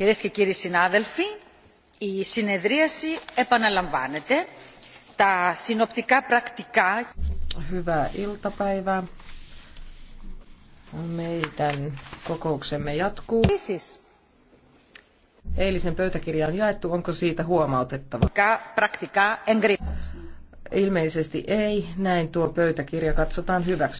Κυρίες και κύριοι συνάδελφοι, η συνεδρίαση επαναλαμβάνεται. Τα συνοπτικά πρακτικά... Hyvää iltapäivää. Meidän kokouksemme jatkuu. Siis. Eilisen pöytäkirjan jaettu. Onko siitä huomautettava? Ilmeisesti ei. Näin tuo pöytäkirja katsotaan hyväksi.